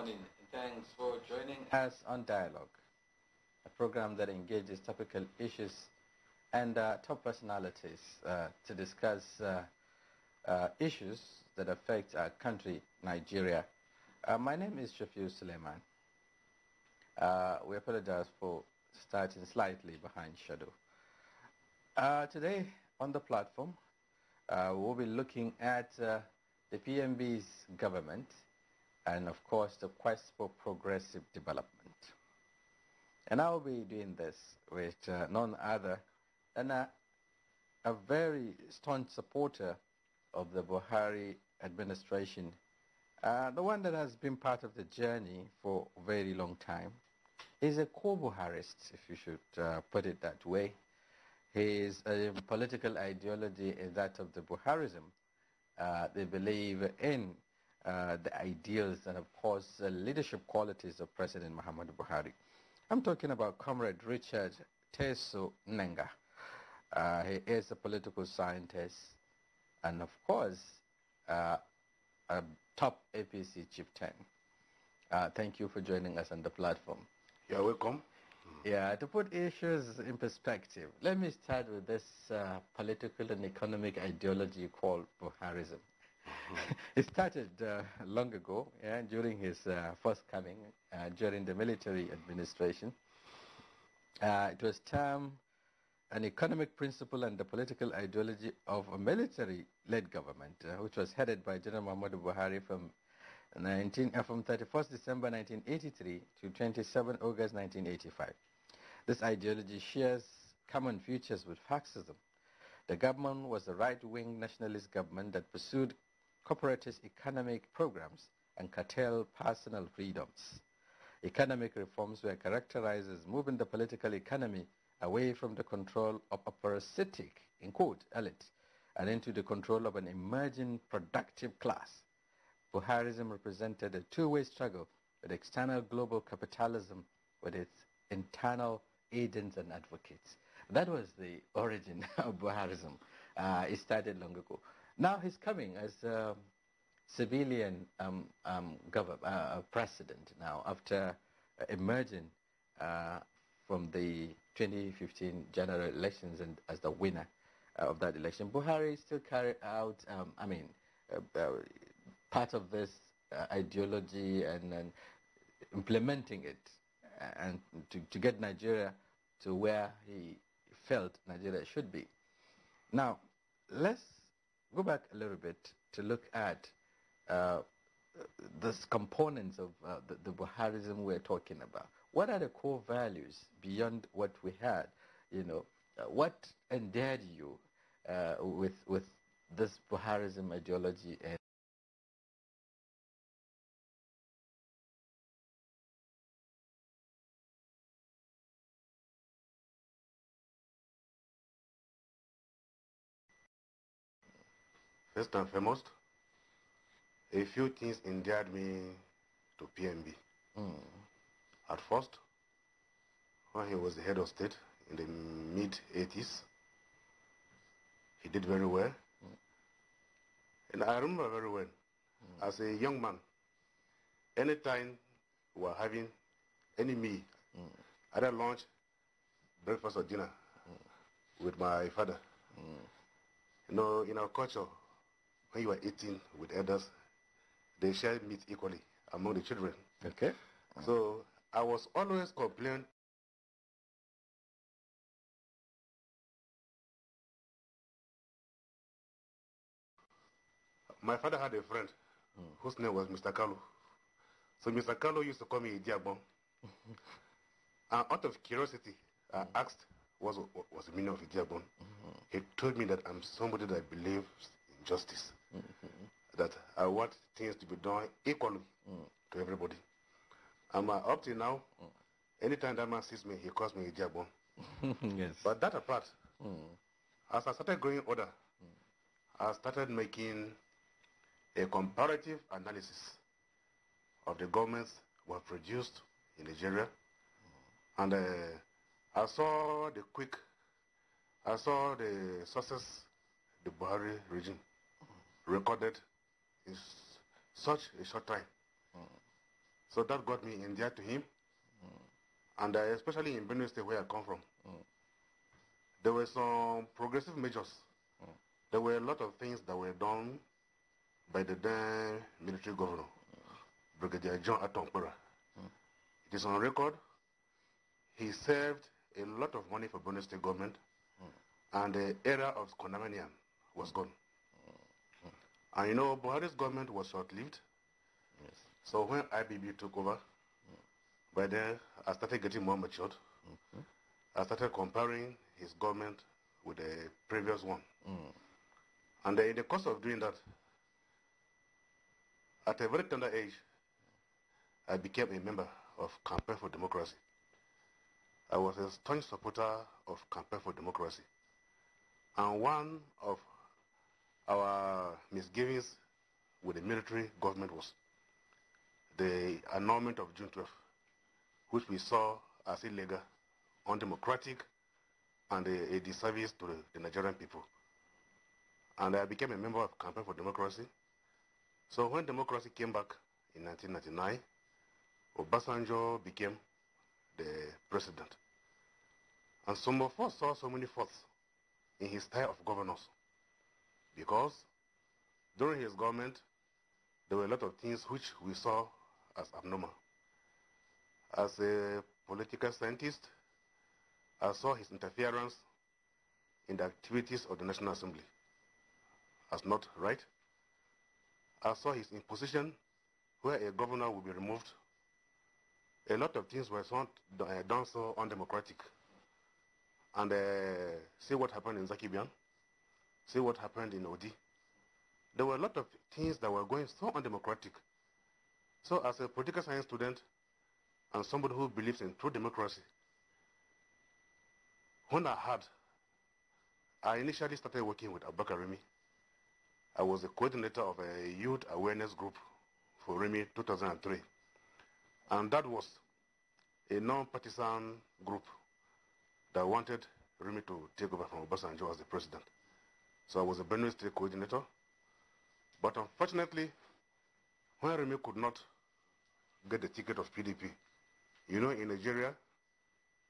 morning thanks for joining us on Dialogue, a program that engages topical issues and uh, top personalities uh, to discuss uh, uh issues that affect our country, Nigeria. Uh, my name is Shafiu Suleiman. Uh, we apologize for starting slightly behind shadow. today on the platform, we'll be looking at the PMB's government and of course the quest for progressive development. And I'll be doing this with uh, none other than a, a very staunch supporter of the Buhari administration, uh, the one that has been part of the journey for a very long time. He's a co-Buharist, if you should uh, put it that way. His uh, political ideology is that of the Buharism. Uh, they believe in uh, the ideals and, of course, the leadership qualities of President Muhammad Buhari. I'm talking about Comrade Richard Teso Nenga. Uh, he is a political scientist and, of course, uh, a top APC chieftain. Uh, thank you for joining us on the platform. You're welcome. Yeah, to put issues in perspective, let me start with this uh, political and economic ideology called Buharism. it started uh, long ago yeah, during his uh, first coming uh, during the military administration. Uh, it was termed an economic principle and the political ideology of a military-led government, uh, which was headed by General Muhammad Buhari from 19, uh, from 31st December 1983 to 27 August 1985. This ideology shares common features with Fascism. The government was a right-wing nationalist government that pursued corporatist economic programs and curtail personal freedoms. Economic reforms were characterized as moving the political economy away from the control of a parasitic, in quote, elite, and into the control of an emerging productive class. Buharism represented a two-way struggle with external global capitalism with its internal agents and advocates. That was the origin of Buharism. Uh, it started long ago. Now he's coming as a civilian um, um, uh, president now after emerging uh, from the 2015 general elections and as the winner uh, of that election. Buhari still carried out, um, I mean, uh, uh, part of this ideology and, and, implementing it and to, to get Nigeria to where he felt Nigeria should be. Now, let's go back a little bit to look at uh, the components of uh, the, the Buharism we're talking about. What are the core values beyond what we had? You know, uh, what endeared you uh, with with this Buharism ideology and First and foremost, a few things endeared me to PMB. Mm. At first, when he was the head of state in the mid-80s, he did very well. Mm. And I remember very well, mm. as a young man, anytime we were having any meal, mm. either lunch, breakfast or dinner, hmm. with my father, hmm. you know, in our culture, when you are eating with elders, they share meat equally among the children. Okay. So I was always complaining my father had a friend hmm. whose name was Mr. Carlo. So Mr. Carlo used to call me Idiabon. and out of curiosity, I hmm. asked what was, the meaning of Idiabon. Hmm. He told me that I'm somebody that believes in justice that I want things to be done equally to everybody. And uh, up till now, anytime that man sees me, he calls me a yes. But that apart, as I started growing older, I started making a comparative analysis of the governments were produced in Nigeria, and uh, I saw the quick, I saw the success the Buhari regime recorded in such a short time. Mm. So that got me in there to him. Mm. And uh, especially in Benue State, where I come from, mm. there were some progressive measures. Hmm. There were a lot of things that were done by the then military governor, hmm. Brigadier John Atompera. Hmm. It is on record. He saved a lot of money for Benue State government, and the era of Konamanian was gone. And you know, Buhari's government was short-lived. Yes. So when IBB took over, mm. by then I started getting more matured. Mm -hmm. I started comparing his government with the previous one. Mm. And in the course of doing that, at a very tender age, I became a member of Campaign for Democracy. I was a staunch supporter of Campaign for Democracy. And one of our misgivings with the military government was the annulment of June 12, which we saw as illegal, undemocratic, and a, a disservice to the, the, Nigerian people. And I became a member of Campaign for Democracy. So when democracy came back in 1999, Obasanjo became the president. And some of us saw so many faults in his style of governance because during his government, there were a lot of things which we saw as abnormal. As a political scientist, I saw his interference in the activities of the National Assembly as not right. I saw his imposition where a governor will be removed. A lot of things were done so undemocratic. And uh, see what happened in Zakibian. See what happened in Odi. There were a lot of things that were going so undemocratic. So as a political science student and somebody who believes in true democracy, when I had, I initially started working with Abaka Remy. I was the coordinator of a youth awareness group for Remy 2003. And that was a non-partisan group that wanted Remy to take over from Obasanjo as the president. So I was a Benue State coordinator. But unfortunately, when Remy could not get the ticket of PDP, you know, in Nigeria,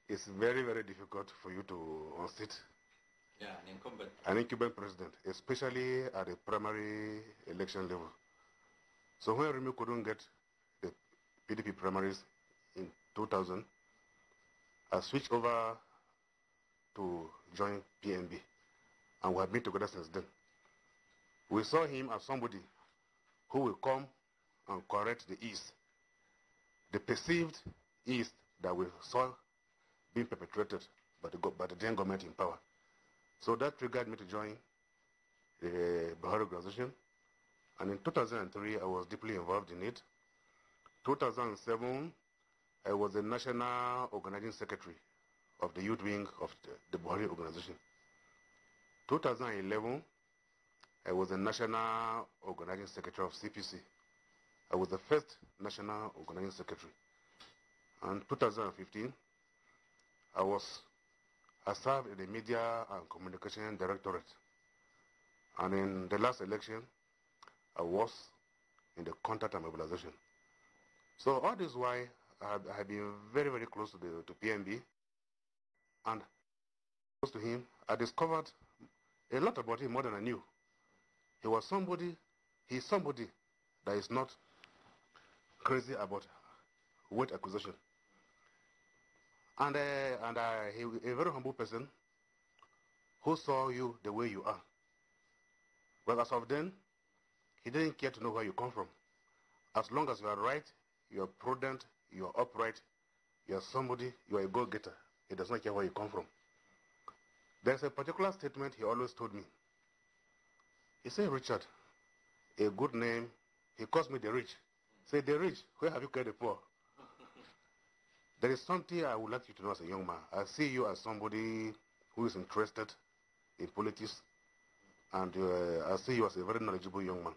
it's very, very difficult for you to unseat yeah, an incumbent. An incumbent president, especially at the primary election level. So when Remy couldn't get the PDP primaries in 2000, I switched over to join PNB and we have been together since then. We saw him as somebody who will come and correct the East, the perceived East that we saw being perpetrated by the, by the then government in power. So that triggered me to join the Bahari organization. And in 2003, I was deeply involved in it. 2007, I was the national organizing secretary of the youth wing of the, the Bahari organization. 2011, I was the National Organizing Secretary of CPC. I was the first National Organizing Secretary. And 2015, I was I served in the Media and Communication Directorate. And in the last election, I was in the Contact and Mobilization. So all this why I have been very, very close to, the, to PMB. And close to him, I discovered a lot about him more than I knew. He was somebody, he's somebody that is not crazy about weight acquisition. And, uh, and uh, he, a very humble person who saw you the way you are. But as of then, he didn't care to know where you come from. As long as you are right, you are prudent, you are upright, you are somebody, you are a go-getter. He does not care where you come from. There's a particular statement he always told me. He said, Richard, a good name, he calls me the rich. Say, the rich, where have you got the poor? there is something I would like you to know as a young man. I see you as somebody who is interested in politics, and uh, I see you as a very knowledgeable young man.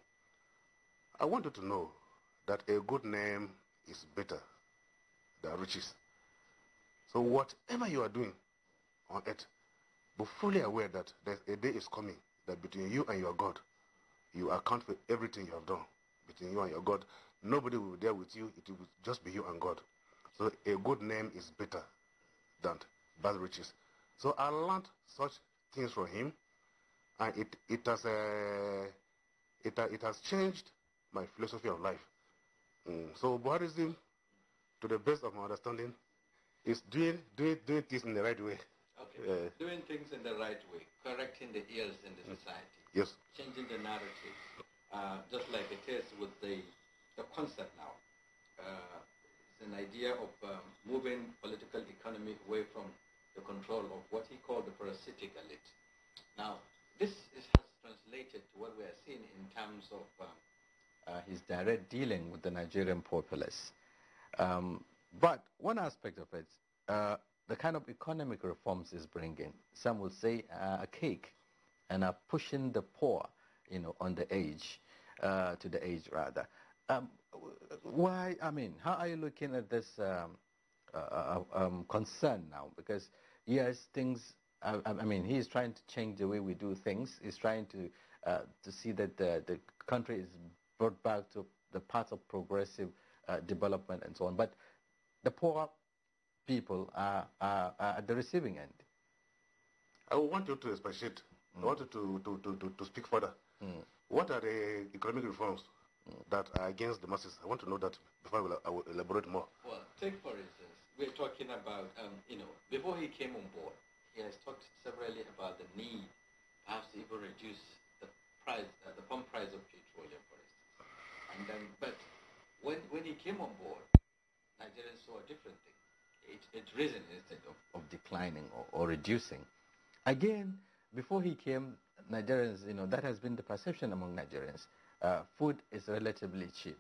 I want you to know that a good name is better than riches. So whatever you are doing on earth, be fully aware that there's a day is coming that between you and your God, you account for everything you have done. Between you and your God, nobody will be there with you. It will just be you and God. So a good name is better than bad riches. So I learned such things from him, and it it has uh, it it has changed my philosophy of life. Mm. So Buddhism, to the best of my understanding, is doing doing doing things in the right way doing things in the right way, correcting the ills in the mm. society, yes. changing the narrative, uh, just like it is with the, the concept now. Uh, it's an idea of um, moving political economy away from the control of what he called the parasitic elite. Now, this is, has translated to what we are seeing in terms of um, uh, his direct dealing with the Nigerian populace. Um, but one aspect of it, uh, the kind of economic reforms it's bringing. Some will say uh, a cake and are pushing the poor, you know, on the edge, uh, to the edge rather. Um, why, I mean, how are you looking at this um, uh, uh, uh um, concern now? Because, yes, things, I, I, mean, he's trying to change the way we do things. He's trying to, uh, to see that the, the country is brought back to the path of progressive development and so on. But the poor people are, are, are at the receiving end. I want you to speciate. Mm. I hmm. want you to, to, to, to, to speak further. Mm. What are the economic reforms that are against the masses? I want to know that before I will, I will elaborate more. Well, take for instance, we're talking about, um, you know, before he came on board, he has talked severally about the need perhaps to even reduce the price, uh, the pump price of petroleum, for instance. And then, but when, when he came on board, Nigerians saw a different thing it's it risen instead of, of declining or, or reducing. Again, before he came, Nigerians, you know, that has been the perception among Nigerians. Uh, food is relatively cheap.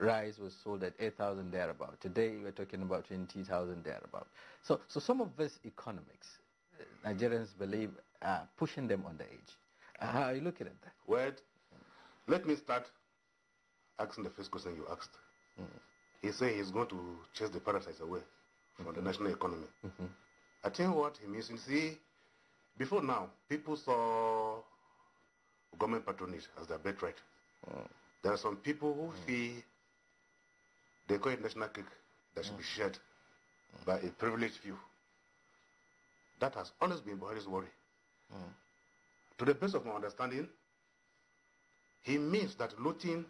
Rice was sold at 8,000 thereabout. Today we're talking about 20,000 thereabout. So, so some of this economics, uh, Nigerians believe, are pushing them on the edge. Uh, how are you looking at that? Word. Let me start asking the first question you asked. Mm. He's saying he's going to chase the parasites away. For the national economy. Mm-hmm. I think what he means, you see, before now, people saw government patronage as their birthright. Mm. There are some people who mm. feel they call it national cake that should mm. be shared by a privileged few. That has always been Buhari's worry. Mm. To the best of my understanding, he means that looting,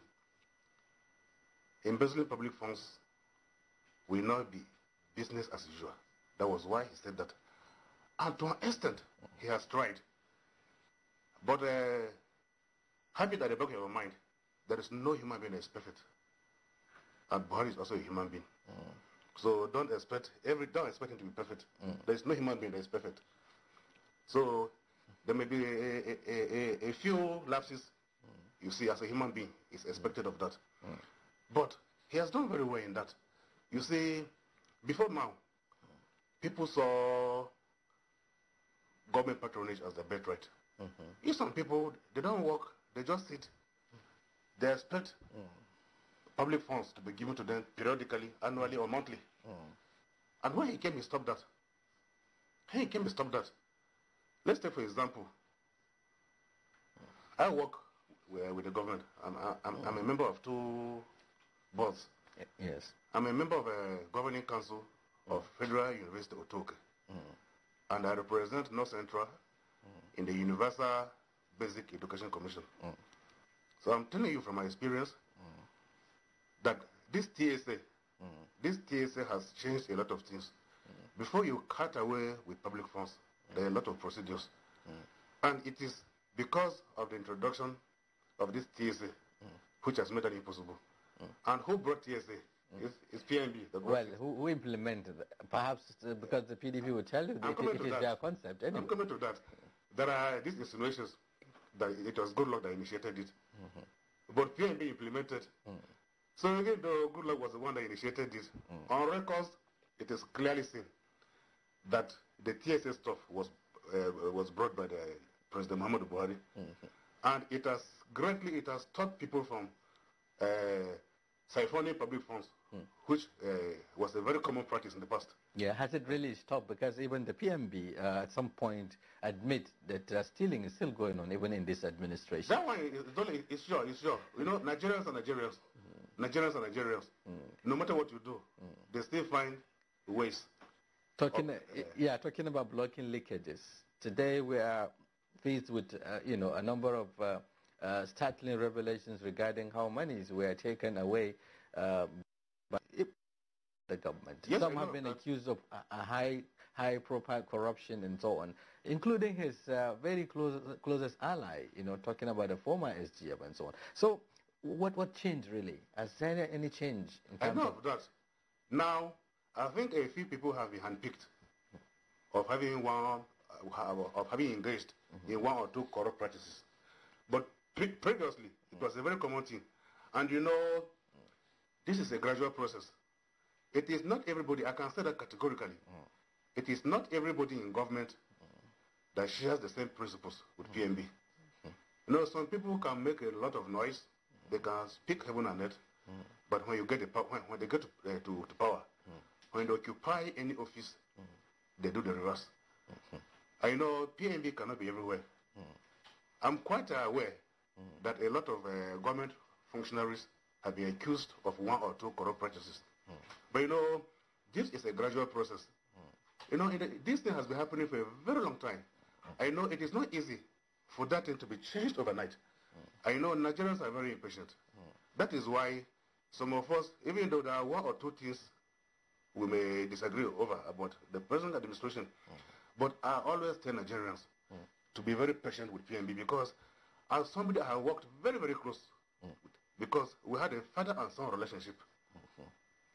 embezzling public funds will not be business as usual. That was why he said that. And to an extent, he has tried. But uh, that it broke the back of your mind, there is no human being that is perfect. And Buhari is also a human being. Mm. So don't expect every don't expect him to be perfect. Mm. There is no human being that is perfect. So there may be a, a, a, a few lapses. Mm. You see, as a human being, is expected mm. of that. Mm. But he has done very well in that. You see, before now, people saw government patronage as the birthright. Mm -hmm. If some people, they don't work, they just sit, they expect mm. public funds to be given to them periodically, annually or monthly. Mm. And when he came, he stopped that. He came, he stopped that. Let's take, for example, I work with, the government. I'm, I'm, I'm, a mm. member of two boards. Yes. I'm a member of a uh, governing council of Federal University of Otoke, mm. and I represent North Central mm. in the Universal Basic Education Commission. Mm. So I'm telling you from my experience mm. that this TSA, mm. this TSA has changed a lot of things. Mm. Before you cut away with public funds, there are a lot of procedures, and it is because of the introduction of this TSA, which has made that impossible. And who brought TSA? Mm-hmm. It's, it's PNB. well, who, who implemented that? Perhaps uh, because the PDP will tell you that it, it is that. their concept. Anyway. I'm coming to that. There are these insinuations that it was good luck that initiated it. Mm -hmm. But PNB implemented. Mm. So again, the good luck was the one that initiated it. Mm. On records, it is clearly seen that the TSA stuff was uh, was brought by the President Muhammad Buhari, -hmm. and it has greatly it has stopped people from uh, siphoning public funds mm. which uh, was a very common practice in the past. Yeah, has it really stopped? Because even the PMB uh, at some point admit that uh, stealing is still going on, even in this administration. That one is, only, it's sure, it's sure. You know, Nigerians are Nigerians. Mm. Nigerians are Nigerians. Mm. No matter what you do, mm. they still find ways. Talking, of, oh, yeah, talking about blocking leakages. Today we are faced with, uh, you know, a number of uh, uh, startling revelations regarding how monies were taken away uh the government. Yes, Some have been accused of a, a high high profile corruption and so on, including his uh, very close, closest ally, you know, talking about the former SGF and so on. So what, what changed really? Has there any change? In terms I know of that. Now, I think a few people have been handpicked of having one, uh, of having engaged mm -hmm. in one or two corrupt practices. But previously, it was a very common thing. And you know, this is a gradual process. It is not everybody, I can say that categorically. Mm. It is not everybody in government that shares the same principles with mm-hmm. PMB. Mm-hmm. You know, some people can make a lot of noise, mm. they can speak heaven and earth, mm. but when you get the power, when, when, they get to, uh, to, to power, mm. when they occupy any office, they do the reverse. Mm-hmm. I know PMB cannot be everywhere. I'm quite aware that a lot of uh, government functionaries have been accused of one or two corrupt practices. But you know, this is a gradual process. You know, it, this thing has been happening for a very long time. I know it is not easy for that thing to be changed overnight. I know Nigerians are very impatient. That is why some of us, even though there are one or two things we may disagree over about the present administration, but I always tell Nigerians to be very patient with PMB because as somebody I have worked very, very close with, because we had a father and son relationship.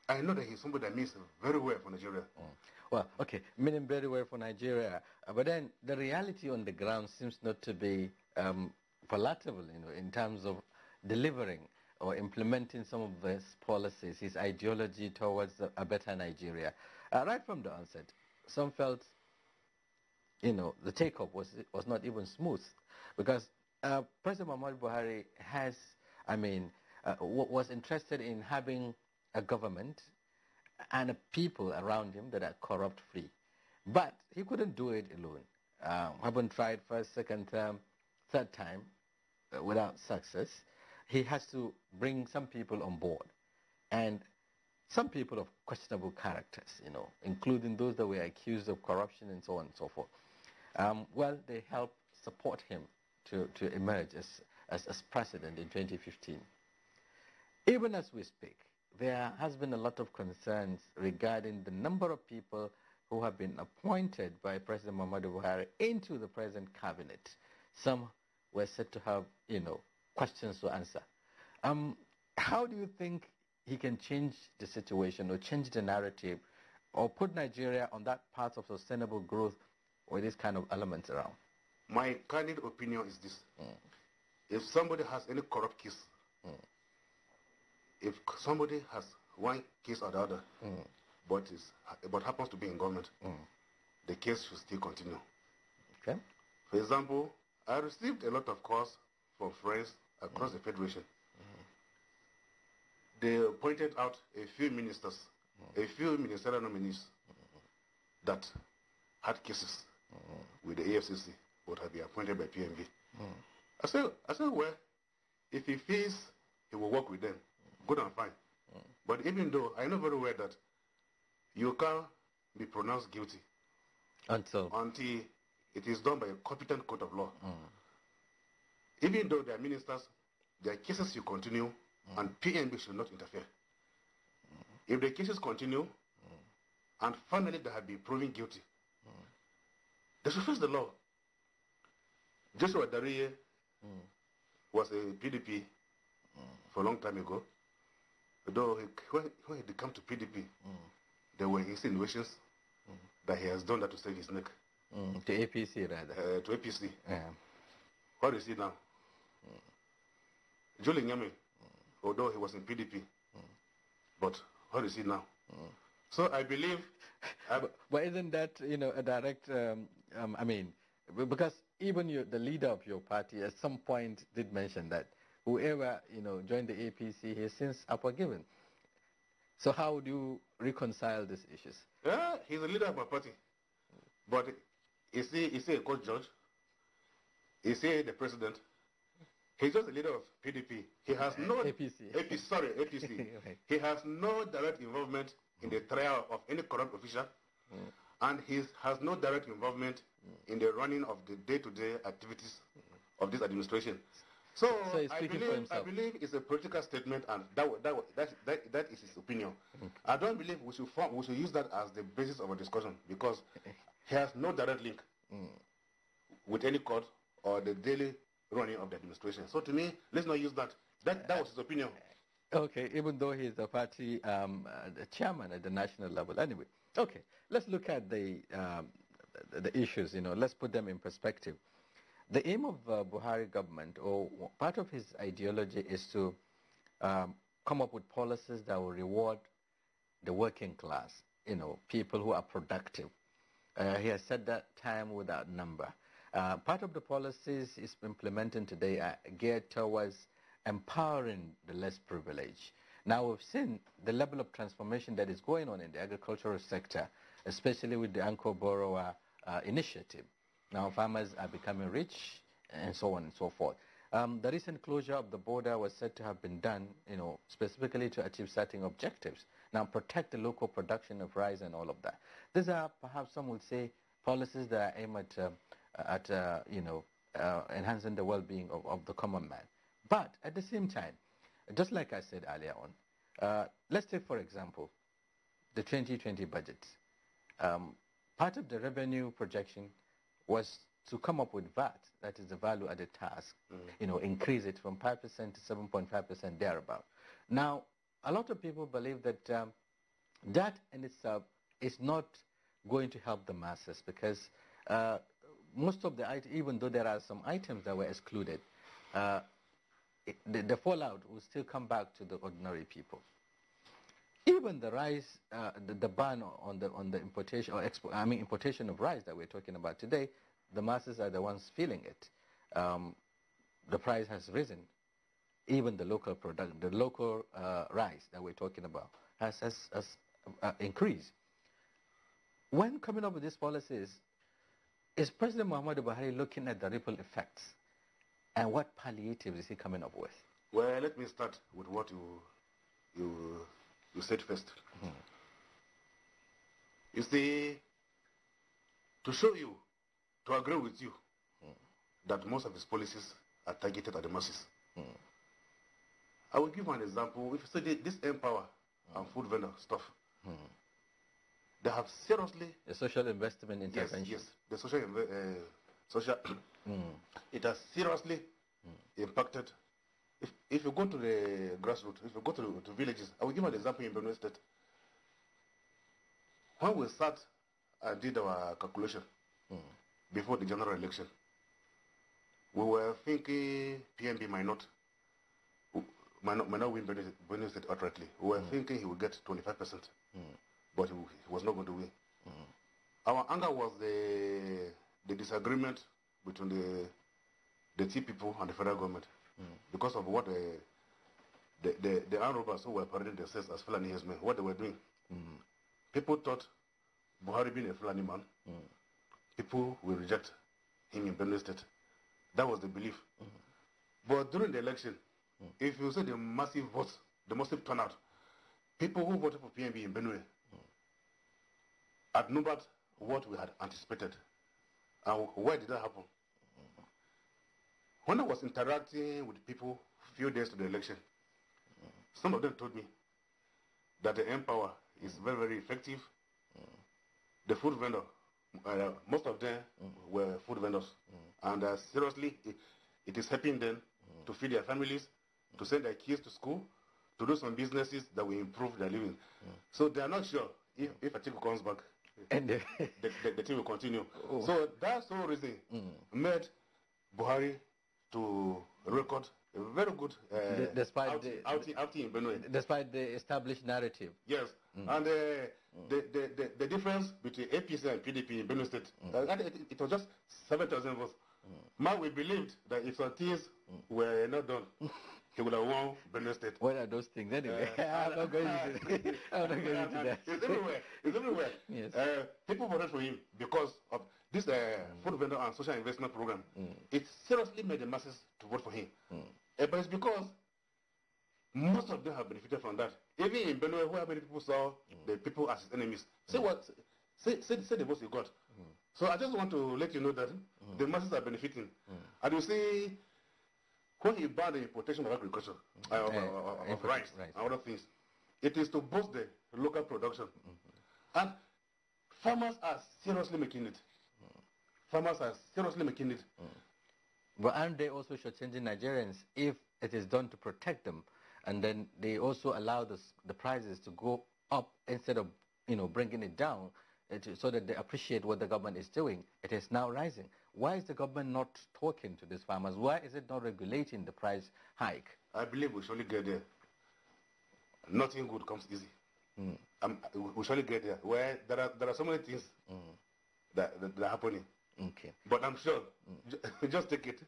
I know that he's somebody that means very well for Nigeria. Mm. Well, okay, meaning very well for Nigeria. Uh, but then the reality on the ground seems not to be um, palatable, you know, in terms of delivering or implementing some of these policies, his ideology towards a better Nigeria. Uh, right from the onset, some felt, you know, the take-up was, was not even smooth because uh, President Muhammad Buhari has, I mean, uh, was interested in having a government and a people around him that are corrupt free. But he couldn't do it alone. Uh, um, having tried first, second term, third time uh, without success, he has to bring some people on board. And some people of questionable characters, you know, including those that were accused of corruption and so on and so forth. Um, well, they help support him to, to emerge as, as, as president in 2015. Even as we speak, there has been a lot of concerns regarding the number of people who have been appointed by President Muhammadu Buhari into the present cabinet. Some were said to have, you know, questions to answer. Um, how do you think he can change the situation or change the narrative or put Nigeria on that path of sustainable growth with this kind of elements around? My candid opinion is this. Mm. If somebody has any corrupt case, mm if somebody has one case or the other, mm. but is but happens to be in government, mm. the case should still continue. Okay. For example, I received a lot of calls from friends across mm. the federation. Mm. They pointed out a few ministers, mm. a few ministerial nominees mm. that had cases with the AFCC, but had been appointed by PMV. I said, I said, well, if he feels he will work with them, good and fine. Mm. But even though I know very well that you can't be pronounced guilty until until it is done by a competent court of law. Mm. Even though they are ministers, their cases will continue, mm. and PNB should not interfere. Mm. If the cases continue, mm. and finally they have been proven guilty, mm. they should face the law. Joshua Dariye was a PDP for a long time ago. Though he, when, when he came to PDP, mm. there were insinuations mm. that he has done that to save his neck. Mm, to APC rather. Uh, to APC. Yeah. What is he now? Mm. Julie Nyame, although he was in PDP, but what is he now? So I believe. I but, but, isn't that you know a direct? Um, um, I mean, because even you, the leader of your party at some point did mention that whoever you know joined the APC he has since are forgiven. So how do you reconcile these issues? Yeah, he's a leader of my party, but is he is he a court judge? Is he the president? He's just a leader of PDP. He has no APC. sorry, APC. right. He has no direct involvement in the trial of any corrupt official, mm. and he has no direct involvement mm. in the running of the day-to-day -day activities mm. of this administration. So, so I believe I believe it's a political statement, and that that that that, that is his opinion. I don't believe we should form, we should use that as the basis of a discussion because he has no direct link mm. with any court or the daily running of the administration. So to me, let's not use that. That that was his opinion. Okay, even though he's the party um, uh, the chairman at the national level. Anyway, okay, let's look at the, um, the, the issues. You know, let's put them in perspective. The aim of uh, Buhari government, or part of his ideology, is to um, come up with policies that will reward the working class, you know, people who are productive. Uh, he has said that time without number. Uh, part of the policies he's implementing today are geared towards empowering the less privileged. Now we've seen the level of transformation that is going on in the agricultural sector, especially with the Anchor Borrower uh, Initiative. Now farmers are becoming rich and so on and so forth. Um, the recent closure of the border was said to have been done, you know, specifically to achieve certain objectives. Now protect the local production of rice and all of that. These are perhaps some would say policies that are aimed at, uh, at uh, you know, uh, enhancing the well-being of, of the common man. But at the same time, just like I said earlier on, uh, let's take for example the 2020 budget. Um, part of the revenue projection was to come up with VAT, that is the value added task, mm. you know, increase it from 5% to 7.5% thereabout. Now, a lot of people believe that um, that in itself is not going to help the masses because uh, most of the, even though there are some items that were excluded, uh, it, the, the fallout will still come back to the ordinary people even the rice, uh, the, the, ban on the on the importation or export, I mean importation of rice that we're talking about today, the masses are the ones feeling it. Um, the price has risen. Even the local product, the local uh, rice that we're talking about has has, has uh, increased. When coming up with these policies, is President Muhammadu Buhari looking at the ripple effects, and what palliatives is he coming up with? Well, let me start with what you you you said first. Mm. You see, to show you, to agree with you, mm. that most of his policies are targeted at the masses. Mm. I will give one example. If you study this empower and food vendor stuff, they have seriously... A social investment intervention. Yes, yes. The social... Uh, social mm. it has seriously mm. impacted if, you go to the grassroots, if you go to, to villages, I will give an example in Benue State. When we sat and did our calculation mm. before the general election, we were thinking PNB might not might not, might not win Benue State outrightly. We were mm. thinking he would get 25%, mm. but he, he, was not going to win. Hmm. Our anger was the the disagreement between the the T people and the federal government. Because of what uh, the the, the, the robbers who were parading themselves as Fulani men, what they were doing. Mm. People thought Buhari being a Fulani man, mm. people will reject him in Benue State. That was the belief. Mm. But during the election, mm. if you see the massive votes, the massive turnout, people who voted for PNB in Benue outnumbered mm. what we had anticipated. And why did that happen? When I was interacting with people a few days to the election, mm. some of them told me that the empower is mm. very, very effective. The food vendor, uh, most of them were food vendors. And uh, seriously, it, it is helping them to feed their families, to send their kids to school, to do some businesses that will improve their living. So they are not sure if, if a table comes back and the, the, the, the, team will continue. Oh. So that's one reason mm. made Buhari to record a very good uh, despite outing, the, outing, in Despite the established narrative. Yes, mm. and uh, mm. the, the, the, the, difference between APC and PDP in Benue State, mm. it, it, was just 7,000 votes. Man, mm. we believed that if some things mm. were not done, he would have won Benue State. What are those things anyway? Uh, I'm not going into I'm not going into that. It's everywhere. It's everywhere. yes. Uh, people voted for him because of this uh, mm. food vendor and social investment program. Mm. It seriously made the masses to vote for him. Mm. Uh, but it's because most of them have benefited from that. Even in Benue, where many people saw mm. the people as enemies. Say mm. what? Say, say, say the votes you got. Mm. So I just want to let you know that the masses are benefiting. And you see when you ban the importation of agriculture, uh, uh, uh, of eh, rice, rice, other things, it is to boost the local production. Mm-hmm. And farmers are seriously making it. Mm-hmm. Farmers are seriously making it. Mm. But aren't they also shortchanging Nigerians if it is done to protect them, and then they also allow the, the prices to go up instead of you know bringing it down, it, so that they appreciate what the government is doing? It is now rising. Why is the government not talking to these farmers? Why is it not regulating the price hike? I believe we surely get there. Nothing good comes easy. Mm. Um, we surely get there. Where there are there are so many things mm. that, that, that are happening. Okay. But I'm sure. Mm. Just take it.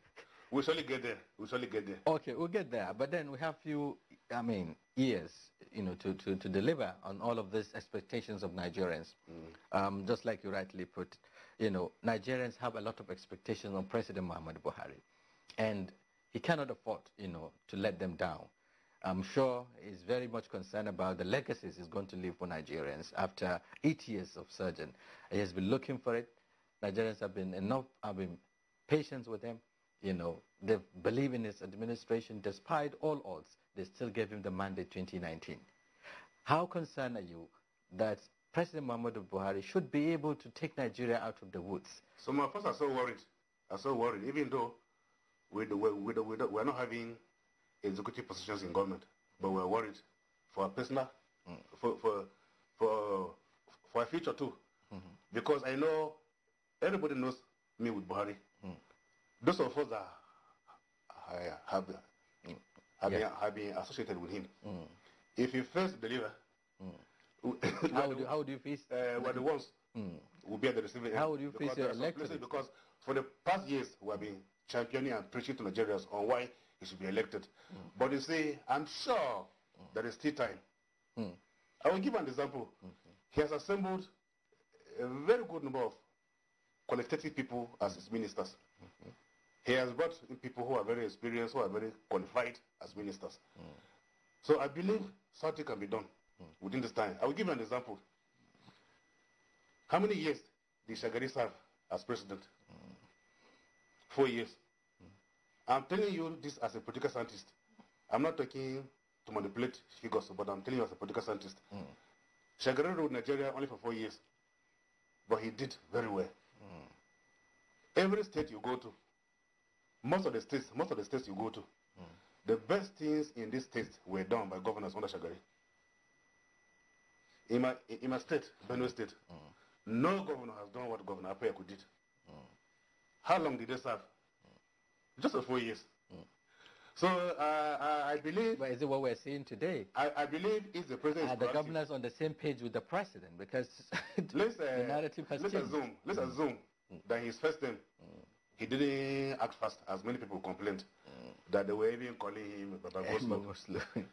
We surely get there. We surely get there. Okay, we'll get there. But then we have few, I mean, years, you know, to, to, to deliver on all of these expectations of Nigerians. Mm. Um, just like you rightly put you know, Nigerians have a lot of expectations on President Muhammad Buhari, and he cannot afford, you know, to let them down. I'm sure he's very much concerned about the legacies he's going to leave for Nigerians after eight years of surgeon. He has been looking for it. Nigerians have been enough, have been patient with him. You know, they believe in his administration despite all odds. They still gave him the mandate 2019. How concerned are you that President Muhammadu Buhari should be able to take Nigeria out of the woods. Some of us are so worried, are so worried, even though we, we, we, we, we're not having executive positions in government, but we're worried for our personal, mm. for, for, for, for our future too. Mm -hmm. Because I know everybody knows me with Buhari. Mm. Those of us that I have, have, yeah. been, have been associated with him, mm. if he fails to deliver, mm how, would you, how would you face? Uh, the ones mm. will be at the receiving end. How would you face your elected? Because for the past years we have been championing and preaching to Nigerians on why he should be elected. Mm. But you see, I'm sure hmm. there is still time. Mm. I will give an example. He has assembled a very good number of qualitative people as his ministers. He has brought people who are very experienced, who are very qualified as ministers. Hmm. So I believe something can be done within this time. I will give you an example. How many years did Shagari serve as president? Hmm. Four years. Hmm. I'm telling you this as a political scientist. I'm not talking to manipulate figures, but I'm telling you as a political scientist. Mm. Shagari ruled Nigeria only for four years, but he did very well. Mm. Every state you go to, most of the states, most of the states you go to, mm. the best things in these states were done by governors under Shagari in my in my state, Benue State, mm. no governor has done what Governor Apoyaku did. Mm. How long did they serve? Just a four years. So uh, I believe. But is it what we're seeing today? I, I believe it's the president. Are the governors on the same page with the president because let's, uh, the narrative has let's changed. Assume, let's mm. assume that his first term, mm. he didn't act fast, as many people complained mm. that they were even calling him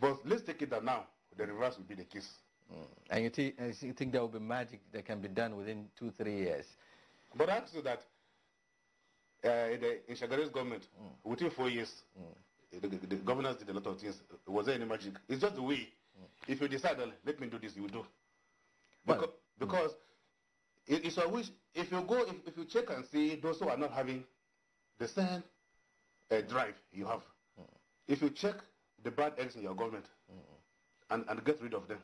But let's take it that now the reverse will be the case. Mm. And you, th and you think there will be magic that can be done within two, three years? But I ask that uh, the Shagari's government, mm. within four years, mm. the, the, governors did a lot of things. Was there any magic? It's just the way. Mm. If you decide, let me do this, you do. Mm. Because, well, because it's a wish. If you go, if, if, you check and see those who are not having the same uh, drive you have, mm. if you check the bad eggs in your government mm. and, and get rid of them,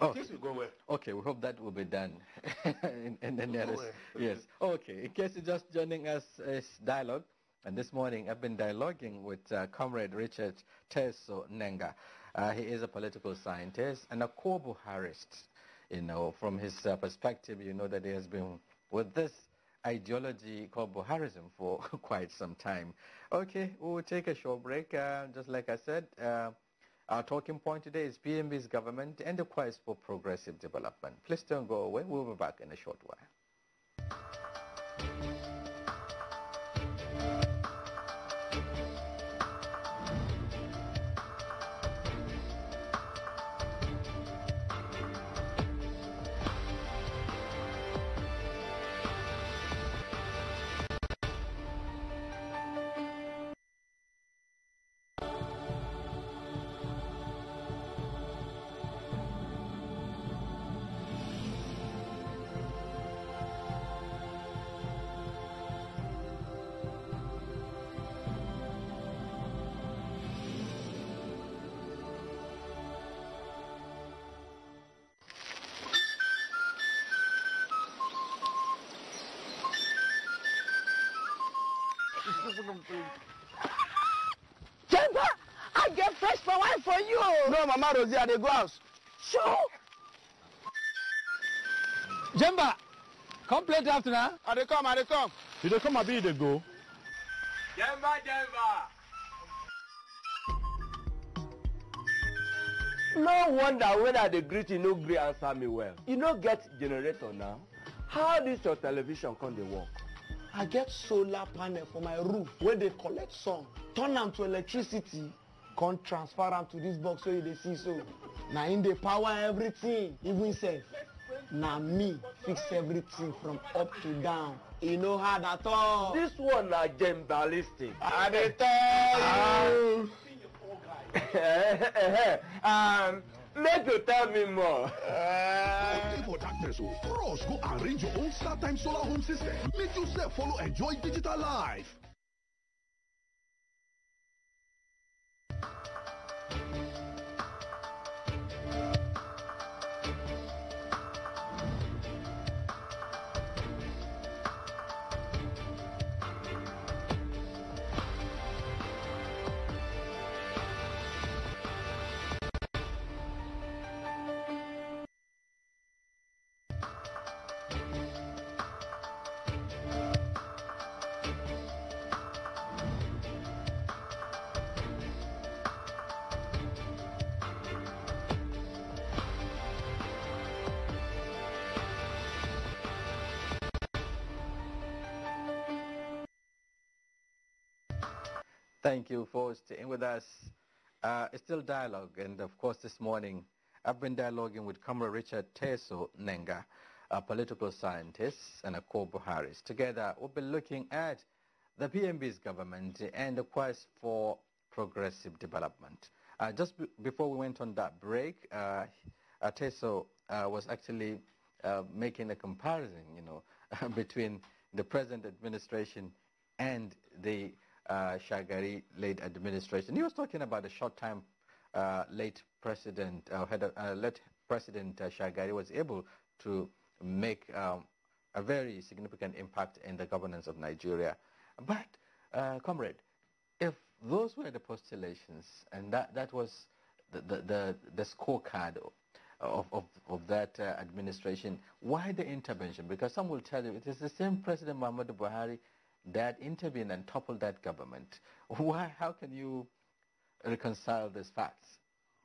Oh, things will go well. Okay, we hope that will be done in, in the nearest. yes. Okay, in case you're just joining us, it's dialogue. And this morning I've been dialoguing with uh, Comrade Richard Teso Nenga. Uh, he is a political scientist and a core Buharist. You know, from his uh, perspective, you know that he has been with this ideology called Buharism for quite some time. Okay, we'll take a short break. Uh, just like I said, uh, our talking point today is PMB's government and the quest for progressive development. Please don't go away. We'll be back in a short while. mama rosie i dey go house Sure. jemba come play after na. i dey come i dey come. you dey come abi you dey go. jemba jemba. no wonder when i dey greet you no gree answer me well you no get generator now how dis your television come dey work. i get solar panel for my roof wey dey collect sun turn am to electricity come transfer am to this box wey you dey see so na im dey power everything even sef na me fix everything from up to down e no hard at all. dis one na gembalistic. i dey tell you. um, make you tell me more. Uh... for darkness o rush go arrange your own startime solar home system make you follow enjoy digital life. Thank you for staying with us. Uh, it's still dialogue, and of course this morning I've been dialoguing with Comrade Richard Teso Nenga, a political scientist and a co-Buharis. Together we'll be looking at the PMB's government and the quest for progressive development. Uh, just before we went on that break, uh, uh Teso uh, was actually uh, making a comparison, you know, between the present administration and the uh, Shagari late administration. He was talking about the short time uh, late president, uh, head of, uh, late President uh, Shagari was able to make um, a very significant impact in the governance of Nigeria. But, uh, comrade, if those were the postulations and that, that was the, the, the, the scorecard of, of, of that uh, administration, why the intervention? Because some will tell you it is the same President Muhammadu Buhari that intervened and toppled that government. Why, how can you reconcile these facts?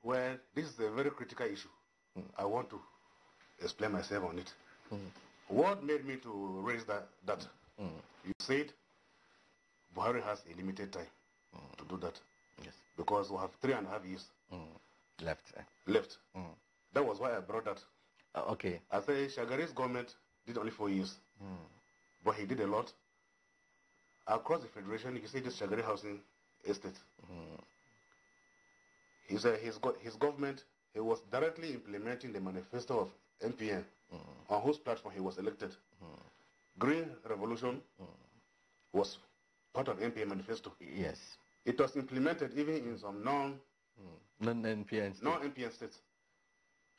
Well, this is a very critical issue. Mm. I want to explain myself on it. Mm. What made me to raise that? that? Mm. You said Buhari has a limited time hmm. to do that. Yes. Because we have three and a half years hmm. left. Eh? Left. Hmm. That was why I brought that. Uh, okay. I say Shagari's government did only four years. But he did a lot across the federation, you see this Shagari housing estate. Mm. His, uh, his, go his government, he was directly implementing the manifesto of MPN, mm. on whose platform he was elected. Mm. Green Revolution mm. was part of MPN manifesto. Yes. It was implemented even in some non mm. non-NPN states. Non-NPN states.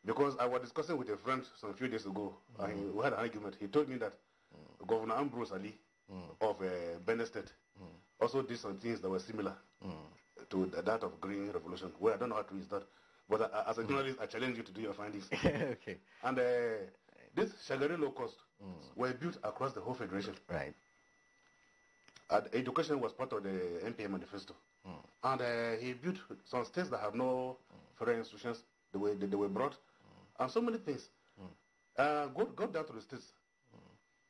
Because I was discussing with a friend some few days ago, mm. and we had an argument. He told me that Governor Ambrose Ali Mm. of uh, Benin State mm. also did some things that were similar mm. to the, that of Green Revolution. Well, I don't know how to use that, but uh, as a journalist, I challenge you to do your findings. okay. And uh, this Shagari low cost were built across the whole federation. Right. And education was part of the NPA manifesto. And uh, he built some states that have no federal institutions. They were, they, they were brought. And so many things. Uh, go, go down to the states.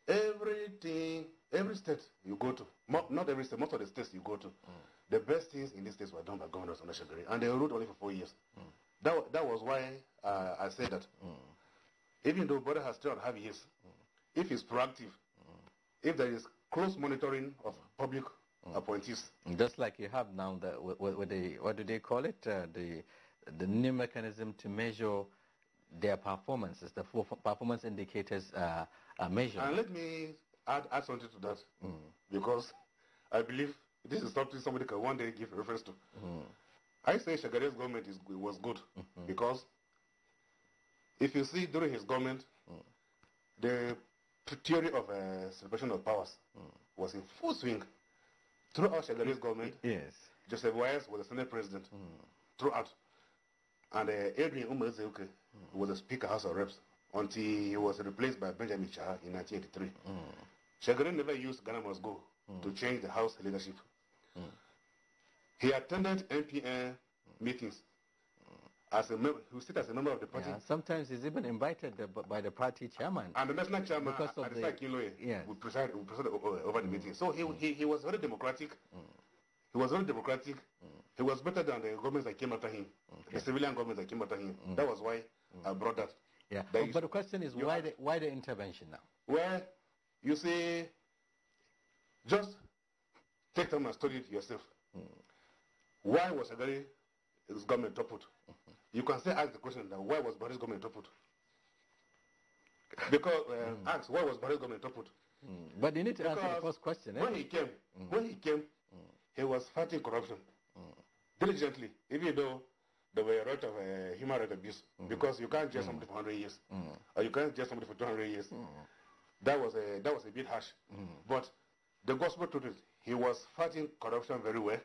Everything Every state you go to, mo- not every state, most of the states you go to, mm. the best things in these states were done by governors the Shagari, and they ruled only for four years. Mm. That, w- that was why uh, I said that even though border has still have years, if it's proactive, if there is close monitoring of public appointees. Just like you have now, the, what, what, they, what do they call it? Uh, the, the new mechanism to measure their performances, the performance indicators uh, are measured. And let me add, add something to that mm. because I believe this is something somebody can one day give reference to. Mm. I say Shagari's government is, was good mm-hmm. because if you see during his government, mm. the theory of uh, separation of powers mm. was in full swing throughout Shagari's government. Yes. Joseph Wise was the Senate president mm. throughout. And uh, Adrian Umezeuke mm. was the Speaker House of Reps until he was replaced by Benjamin Chah in 1983. Shagari never used Ghana Must Go mm. to change the House leadership. Mm. He attended MPN meetings mm. as a member, who sit as a member of the party. Yeah, sometimes he's even invited the, by the party chairman. And the national chairman, because of the Akinloye, yes. will preside, will preside over the meeting. So he, mm. he, he was very democratic. Mm. He was very democratic. Mm. He was better than the governments that came after him, okay. the civilian governments that came after him. Mm. That was why I brought that. Yeah. That but, but the question is, why the, why the intervention now? Well, you say, just take time and study it yourself. Mm. Why was Agari's government toppled? Mm-hmm. You can still ask the question that why was Buhari's government toppled? Because uh, mm. ask why was Buhari's government toppled? Mm. But you need to because answer the first question. When eh? he came, mm. when he came, mm. he was fighting corruption mm. diligently, even though there were a lot of uh, human rights abuse. mm Because you can't judge somebody for 100 years, or you can't judge somebody for 200 years. That was a, that was a bit harsh. Mm. But the gospel truth is, he was fighting corruption very well.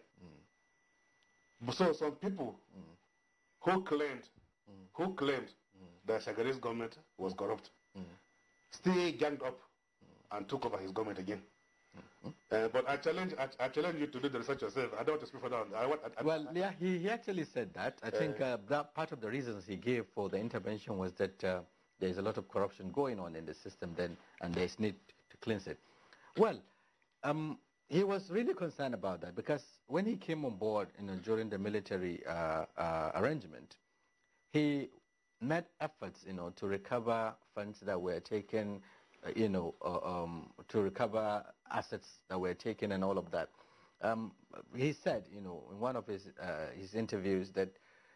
Mm. So some people mm. who claimed, mm. who claimed mm. that Shagari's government was mm. corrupt, still ganged up and took over his government again. Mm-hmm. Uh, but I challenge, I, I, challenge you to do the research yourself. I don't want to speak for that. I want, I, I, well, yeah, he, he actually said that. I uh, think uh, that part of the reasons he gave for the intervention was that uh, there's a lot of corruption going on in the system then, and there's need to cleanse it. Well, um, he was really concerned about that because when he came on board you know, during the military uh, uh, arrangement, he made efforts, you know, to recover funds that were taken, uh, you know, uh, um, to recover assets that were taken and all of that. Um, he said, you know, in one of his uh, his interviews that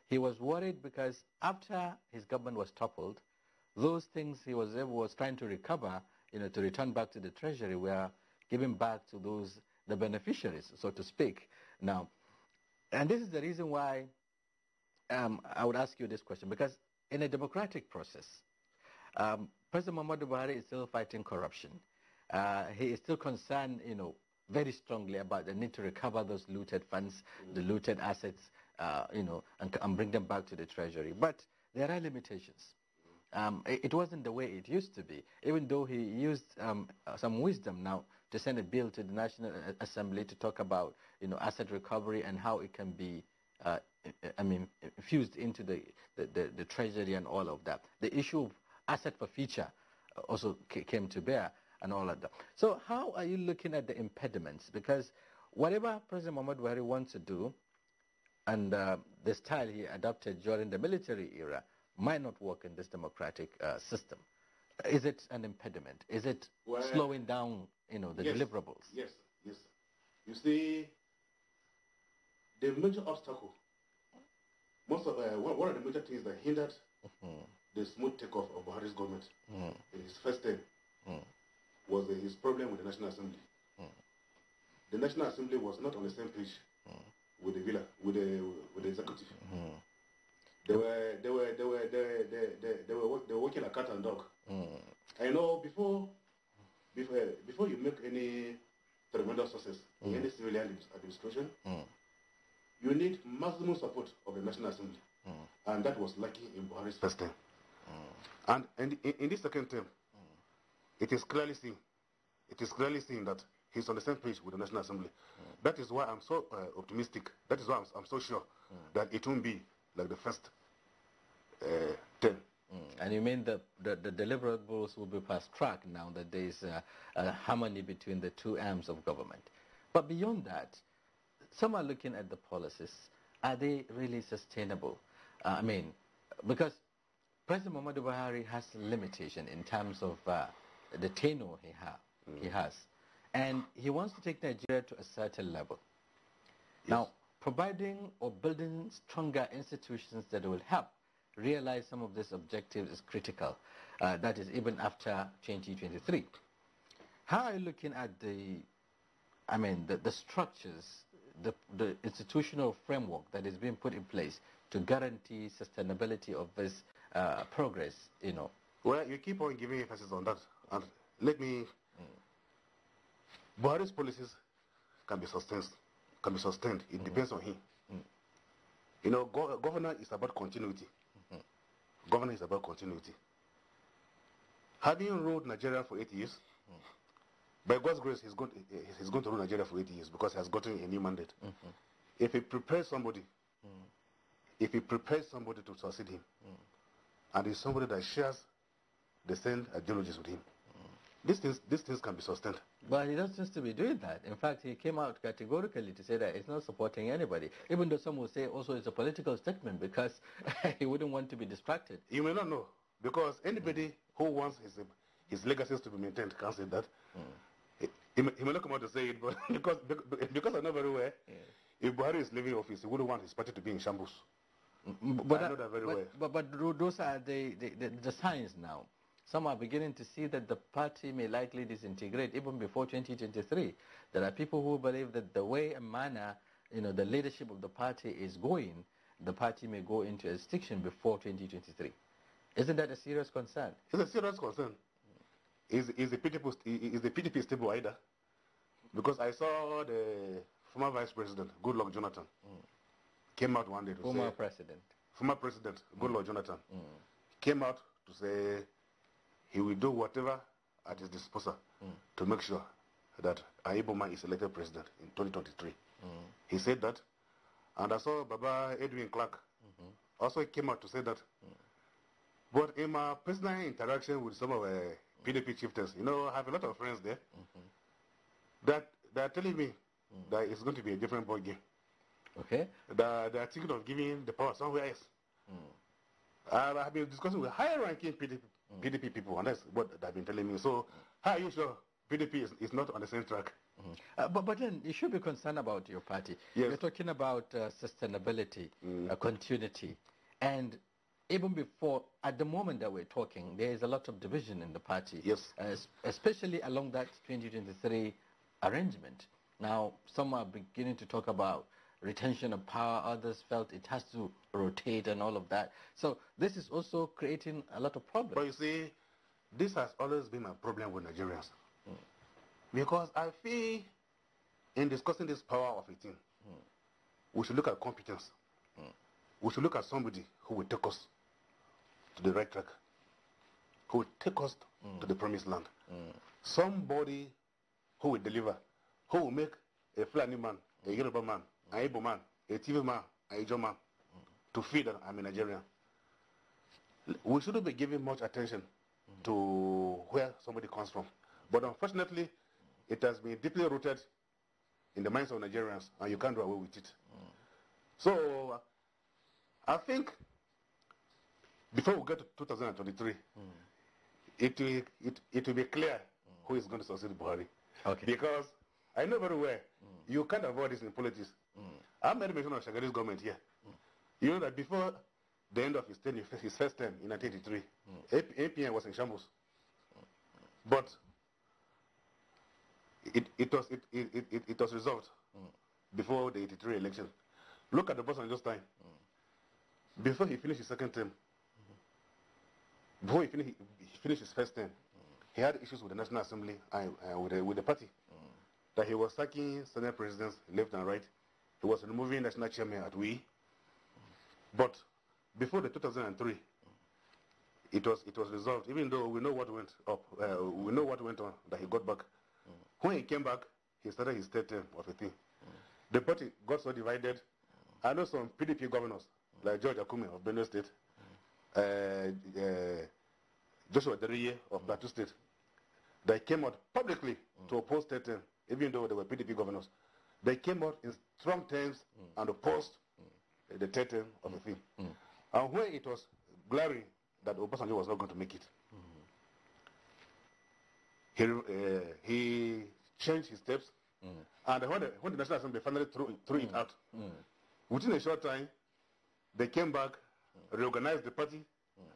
he was worried because after his government was toppled, those things he was, was trying to recover, you know, to return back to the treasury were giving back to those, the beneficiaries, so to speak. Now, and this is the reason why um, I would ask you this question, because in a democratic process, um, President Muhammadu Buhari is still fighting corruption. Uh, he is still concerned, you know, very strongly about the need to recover those looted funds, mm. the looted assets, uh, you know, and, and, bring them back to the treasury. But there are limitations um, it, it, wasn't the way it used to be, even though he used um, uh, some wisdom now to send a bill to the National Assembly to talk about, you know, asset recovery and how it can be, uh, I mean, infused into the, the, the, the, treasury and all of that. The issue of asset for future uh, also came to bear and all of that. So how are you looking at the impediments? Because whatever President Muhammad Buhari wants to do, and uh, the style he adopted during the military era, might not work in this democratic uh, system. Is it an impediment? Is it well, slowing down, you know, the yes, deliverables? Yes, yes. You see, the major obstacle, most of uh, one of the major things that hindered mm -hmm. the smooth takeoff of Buhari's government mm -hmm. in his first term mm -hmm. was uh, his problem with the National Assembly. Mm. The National Assembly was not on the same page mm. with the villa, with the, with the executive. Mm-hmm. They were they were they were they were, they, they, they were they were working like cat and dog. Mm. I know before before eh, before you make any tremendous success mm. in hmm. any civilian administration, mm. you need maximum support of the National Assembly, hmm. and that was lacking in Buhari's first term. Hmm. And, and in, in, this second term, it is clearly seen, it is clearly seen that he's on the same page with the National Assembly. That is why I'm so uh, optimistic. That is why I'm, I'm so sure that it won't be like the first uh, 10. Mm. And you mean the, the, the, deliverables will be fast-tracked now that there is a, a harmony between the two arms of government. But beyond that, some are looking at the policies. Are they really sustainable? Uh, I mean, because President Muhammadu Buhari has limitation in terms of uh, the tenure he, ha mm. he has. And he wants to take Nigeria to a certain level. Yes. Now, providing or building stronger institutions that will help realize some of these objectives is critical. Uh, that is even after 2023. How are you looking at the, I mean, the, the structures, the, the institutional framework that is being put in place to guarantee sustainability of this uh, progress, you know? Well, you keep on giving emphasis on that. And let me, mm. Buhari's policies can be sustained. Can be sustained. It mm. depends on him. Mm. You know, go governance is about continuity. Governance is about continuity. Having ruled Nigeria for eight years, mm. by God's grace, he's going, to, he's going to rule Nigeria for eight years because he has gotten a new mandate. Mm -hmm. If he prepares somebody, mm. if he prepares somebody to succeed him, mm. and it's somebody that shares the same ideologies with him, these things, these things can be sustained. But he doesn't seem to be doing that. In fact, he came out categorically to say that it's not supporting anybody, even though some will say also it's a political statement because he wouldn't want to be distracted. You may not know, because anybody mm. who wants his, his legacies to be maintained can say that. Mm. He, he, may, he, may, not come out to say it, but because, because I know very well, yeah. if Buhari is leaving office, he wouldn't want his party to be in shambles. Mm, mm, but, I know that very but, well. But, but those are the, the, the, the signs now. Some are beginning to see that the party may likely disintegrate even before 2023. There are people who believe that the way and manner, you know, the leadership of the party is going, the party may go into extinction before 2023. Isn't that a serious concern? It's a serious concern. Is is the PDP stable either? Because I saw the former Vice President Goodluck Jonathan mm. came out one day to former say former President former President Goodluck mm. Jonathan mm. came out to say he will do whatever at his disposal mm. to make sure that Aiboma is elected president in 2023. Mm. He said that. And I saw Baba Edwin Clark -hmm. also came out to say that. Mm. But in my personal interaction with some of the uh, mm. PDP chieftains, you know, I have a lot of friends there, mm-hmm. that they are telling me mm. that it's going to be a different ball game. Okay. They, they are thinking of giving the power somewhere else. Mm. And I have been discussing with high ranking PDP mm. PDP people, and that's what they've been telling me. So how are you sure PDP is, is not on the same track? Mm. Uh, but, but then you should be concerned about your party. Yes. You're talking about uh, sustainability, mm. uh, continuity, and even before, at the moment that we're talking, there is a lot of division in the party. Yes. Uh, especially along that 2023 arrangement. Now, some are beginning to talk about retention of power. Others felt it has to rotate and all of that. So this is also creating a lot of problems. But you see, this has always been my problem with Nigerians. Mm. Because I feel in discussing this power of 18, mm. we should look at competence. Mm. We should look at somebody who will take us to the right track, who will take us to hmm. the promised land. Hmm. Somebody who will deliver, who will make a flying man, a Yoruba man, an Igbo man, a TV man, a Ijo man, to feel that I'm a Nigerian. We shouldn't be giving much attention to where somebody comes from. But unfortunately, it has been deeply rooted in the minds of Nigerians, and you can't do away with it. So, I think before we get to 2023, it, will, it, it will be clear who is going to succeed Buhari. Okay. Because I know very well, mm. you can't avoid this in politics. I'm mm. not mention of Shagari's government here. Mm. You know that before the end of his, his first term in 1983, mm. APN was in shambles. Mm. But it, it, was, it, it, it, it was resolved before the 83 election. Look at the person just time. Before he finished his second term, before he, he finished his first term, mm. he had issues with the National Assembly and uh, uh, with, the, with the party. Mm. That he was sacking Senate presidents left and right. He was removing national chairman at we. But before the 2003, it was it was resolved. Even though we know what went up, uh, we know what went on that he got back. When he came back, he started his third term of a thing. The party got so divided. I know some PDP governors like George Akume of Benue State, uh, uh, Joshua Deriye of Plateau State. They came out publicly to oppose third term, even though they were PDP governors. They came out in strong terms mm. and opposed mm. Mm. Uh, the dictator of the thing. And when it was glaring that Obasanjo was not going to make it, he, uh, he changed his steps. And when the, when the National Assembly finally threw, threw it out, within a short time, they came back, reorganized the party,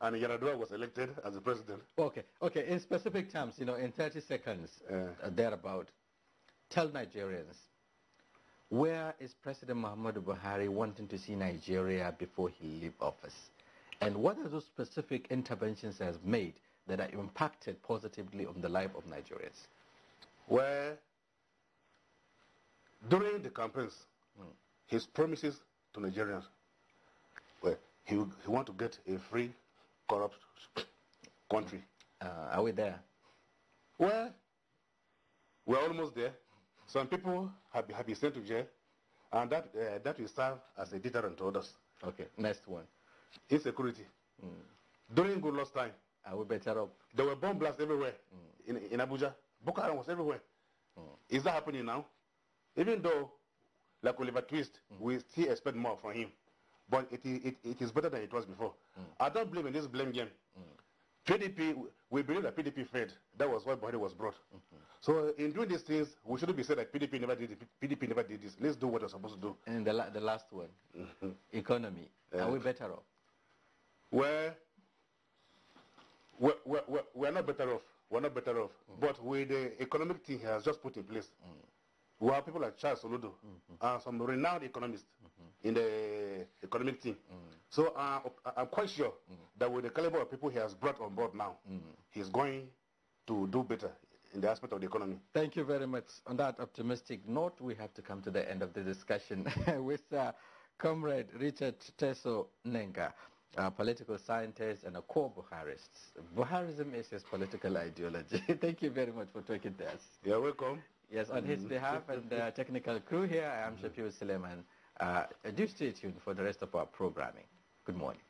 and Yaradua was elected as the president. Okay, okay. In specific terms, you know, in 30 seconds, uh, uh thereabout, tell Nigerians where is President Muhammadu Buhari wanting to see Nigeria before he leave office? And what are those specific interventions he has made that are impacted positively on the life of Nigerians? Well, during the campaigns, mm. his promises to Nigerians well, he, he want to get a free, corrupt country. Uh, are we there? Well, we're almost there. Some people have, have been sent to jail, and that, uh, that will serve as a deterrent to others. Okay, next one. Insecurity. Mm. During good time. I will better up? There were bomb blasts everywhere mm. in, in Abuja. Boko Haram was everywhere. Mm. Is that happening now? Even though, like Oliver Twist, hmm. we still expect more from him. But it, it, it is better than it was before. Hmm. I don't believe in this blame game. Hmm. PDP, we believe that PDP failed. That was why Buhari was brought. Mm -hmm. So in doing these things, we shouldn't be saying that PDP never did it. PDP never did this. Let's do what we're supposed to do. And the, la the last one, mm -hmm. economy. Yeah. Are we better off? Well, we're, we're, we're, not better off. We're not better off. Mm -hmm. But with the economic thing he has just put in place, mm-hmm. where people like Charles Oludo mm-hmm. and some renowned economists mm-hmm in the economic team. Mm. So uh, uh, I'm quite sure mm. that with the caliber of people he has brought on board now, mm. he's going to do better in the aspect of the economy. Thank you very much. On that optimistic note, we have to come to the end of the discussion with uh, Comrade Richard Teso Nenga. A political scientist and a core Buharist. Buharism is his political ideology. Thank you very much for talking to us. You're welcome. Yes, on his mm-hmm. behalf and the technical crew here, I am Shafiu Suleiman. Uh, do stay tuned for the rest of our programming. Good morning.